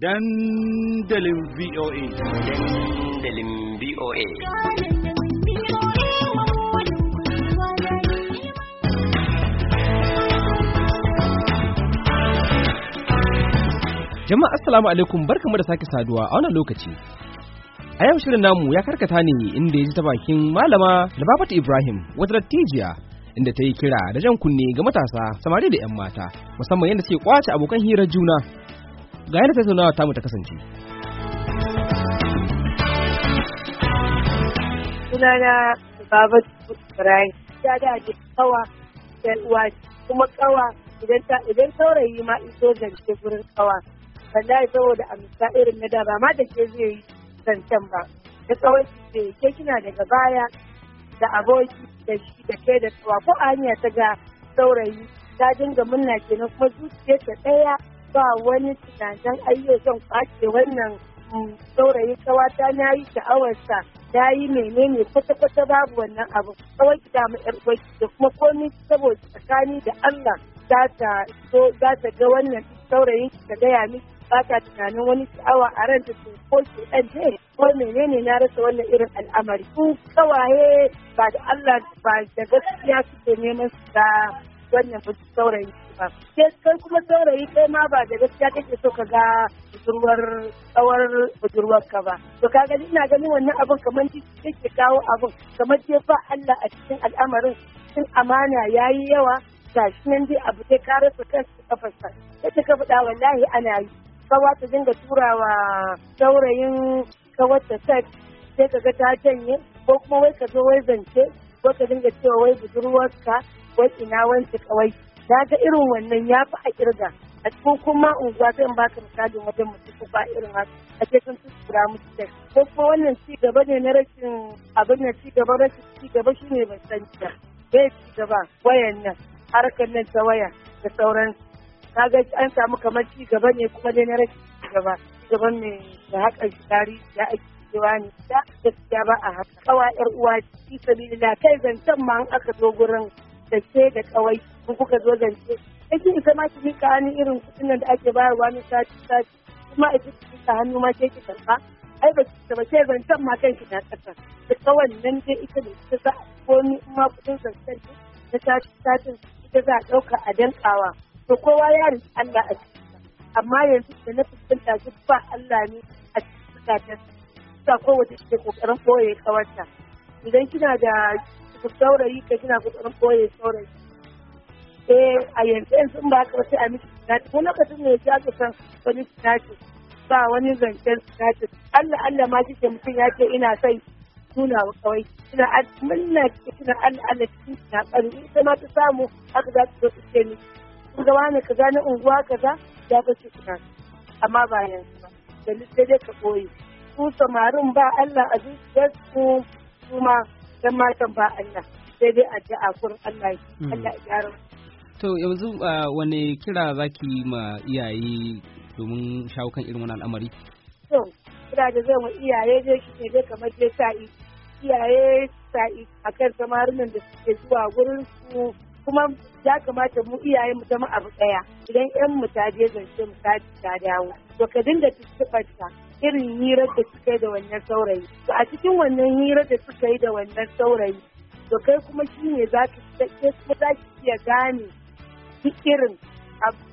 dandalin VOA. Dandalin VOA. Jama'a Assalamu alaikum barkamu da sake saduwa a wannan lokaci. A yau shirin namu ya karkata ne inda ya ji ta bakin malama da Ibrahim wata dattijiya inda ta yi kira da jan kunne ga matasa samari da 'yan mata musamman yadda suke kwace abokan hirar juna ga yadda tattaunawa tamu ta kasance sunana baba Ibrahim ta da ne kawa da uwa kuma kawa idan ta saurayi ma iso zance gurin kawa wallahi saboda amsa irin na da ba ma da ke zai yi zancen ba da kawai ce ke kina daga baya da aboki da shi da kai da tsawa ko hanya ta ga saurayi ta dinga munna kenan kuma zuciyarta ɗaya ba wani tunanin ayyo zan kwace wannan mm, saurayi kawata na yi sha'awarsa ya yi menene kwata-kwata babu wannan abu kawai ki mu yar gwaki da kuma komi saboda tsakani da Allah za ta ga wannan saurayin ki ta gaya ni ba ta tunanin wani sha'awa a ranta su ko ki ɗan je ko menene na rasa wannan irin al'amari ku kawaye ba da Allah ba da gaskiya suke neman su ga wannan saurayi ba kai kuma saurayi kai ma ba da gaskiya kake so ka ga budurwar tsawar budurwar ka ba to ka gani ina ganin wannan abin kamar jiki ke kawo abin kamar jefa Allah a cikin al'amarin cikin amana ya yi yawa shi nan dai abu sai ka rasa kansa kafarsa sai ka faɗa wallahi ana yi kawa ta dinga turawa saurayin kawar ta sai ka ga ta janye ko kuma wai ka zo wai zance ko ka dinga cewa wai budurwarka unguwar ina wanke kawai na ga irin wannan ya fi a kirga a cikin kuma unguwa ba baka misalin wajen mutum ko ba irin haka a cikin tura musu da ko kuma wannan ci gaba ne na rashin abin da ci gaba rashin ci gaba ne ban san ta bai ci gaba wayan nan harkar nan ta waya da sauran ka ga an samu kamar ci gaba ne kuma dai na rashin ci gaba ci gaba ne da haka shi tarihi ya ake cewa ne da gaskiya ba a haka kawa yar uwa ci sabilillah kai zancen ma an aka zo gurin zance da kawai in kuka zo zance yake ita ma ki miƙa irin kuɗin nan da ake bayarwa na sati sati kuma a ki hannu ma ke ki karɓa ai ba ki ba ke zancen ma kanki na ƙasa da kawai nan dai ita da ita za a komi in ma kuɗin zancen na sati satin ita za a ɗauka a dankawa to kowa ya riƙi Allah a cikin amma yanzu da na fuskanta shi ba Allah ne a cikin zukatarsa. Sa kowace ke ƙoƙarin ɓoye kawarta. Idan kina da saurayi ka kina kokarin koye saurayi eh a yanzu yanzu in ba ka wace a miki tinaci wani lokacin ne ya ka san wani tinaci ba wani zancen tinaci Allah Allah ma kike mutum ya ce ina sai tuna kawai kina munna kina Allah Allah cikin in sai ma ta samu haka za ta zo ta ce ni kun ga wani kaza na unguwa kaza ya ka ce tinaci amma ba yanzu ba da dai ka koyi su samarin ba Allah a zuciyarsu kuma dan matan ba Allah sai dai addu'a kun Allah mm. Allah ya gyara to yanzu uh, wani kira zaki ma iyaye domin shawo kan irin wannan al'amari to kira da zai ma iyaye dai shi ne dai kamar je sa'i iyaye sa'i akan samarin da suke zuwa gurin su kuma ya kamata mu iyaye mu zama abu daya idan yan mu ta je zance mu ta dawo to ka dinga tuntuɓar irin hirar da suka yi da wannan saurayi to a cikin wannan hirar da suka yi da wannan saurayi to kai kuma shi ne za ka kuma za ki iya gane duk irin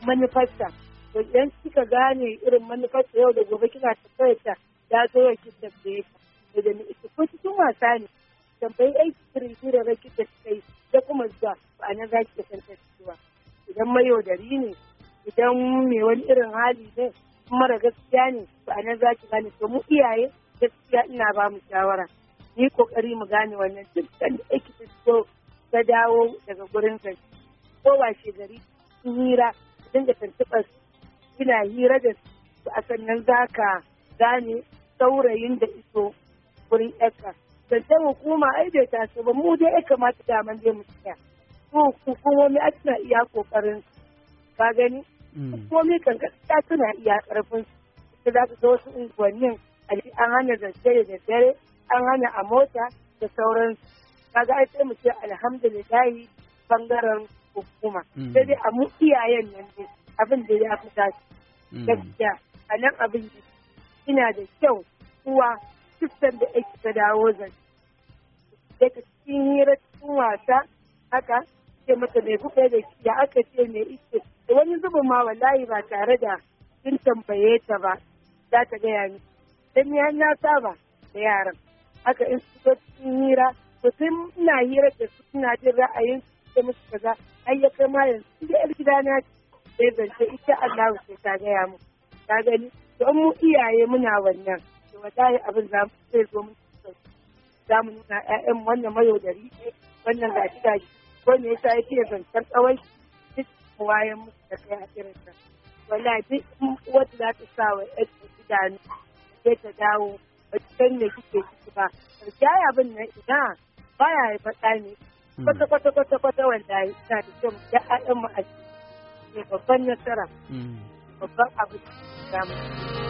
manufarsa to idan kika gane irin manufarsa yau da gobe kina tafiyarta ya zo ya ki ta. To da ni ko cikin wasa ne tambayi aiki irin hirar da kika yi da kuma zuwa a nan za ki san cewa idan mayaudari ne idan mai wani irin hali ne mara gaskiya ne ba a nan za ki gane to mu iyaye gaskiya ina ba mu shawara yi kokari mu gane wannan dukkan da ake fito ta dawo daga gurin ta ko washe gari sun hira dinga tuntuɓar ina hira da su a sannan za ka gane saurayin da iso gurin ƴarka ta hukuma ai bai taso ba mu dai ya kamata daman zai mu tsaya su hukumomi a suna iya kokarin ka gani hukumomi mm. kan ta suna iya karfin su za su zo wasu unguwannin an hana zance da daddare an hana a mota da sauransu kaga ai sai mu ce alhamdulillah bangaren hukuma mm. sai dai a mu iyayen nan ne abin da ya fi tashi mm. gaskiya a nan abin ina da kyau uwa sistan da ake ta dawo zan daga cikin hirar cikin wasa haka ce mata mai kuka da shi ya aka ce mai ike wani zubin ma wallahi ba tare da sun tambaye ta ba za ta gaya ni dan ya na saba da yaran haka in su zo cikin hira to sai ina hira da su suna jin ra'ayin su da musu kaza ai ya kai ma yanzu da yar gida na sai zance ita Allah sai ta gaya mu ta gani don mu iyaye muna wannan to wallahi abin za mu sai zo mu za mu nuna 'ya'yan wannan mayaudari ne wannan gashi gashi wani ya sa yake zancen tsawai duk wayan musu da kai a irin sa wallahi duk wata za ta sa wa yadda idanu sai ta dawo ba ta san me kike ciki ba jaya abin nan ina ba ya yi faɗa ne hmm. kwata kwata kwata kwata wanda wallahi ina da kyau da ayyan mu a babban nasara hmm. babban abu da samu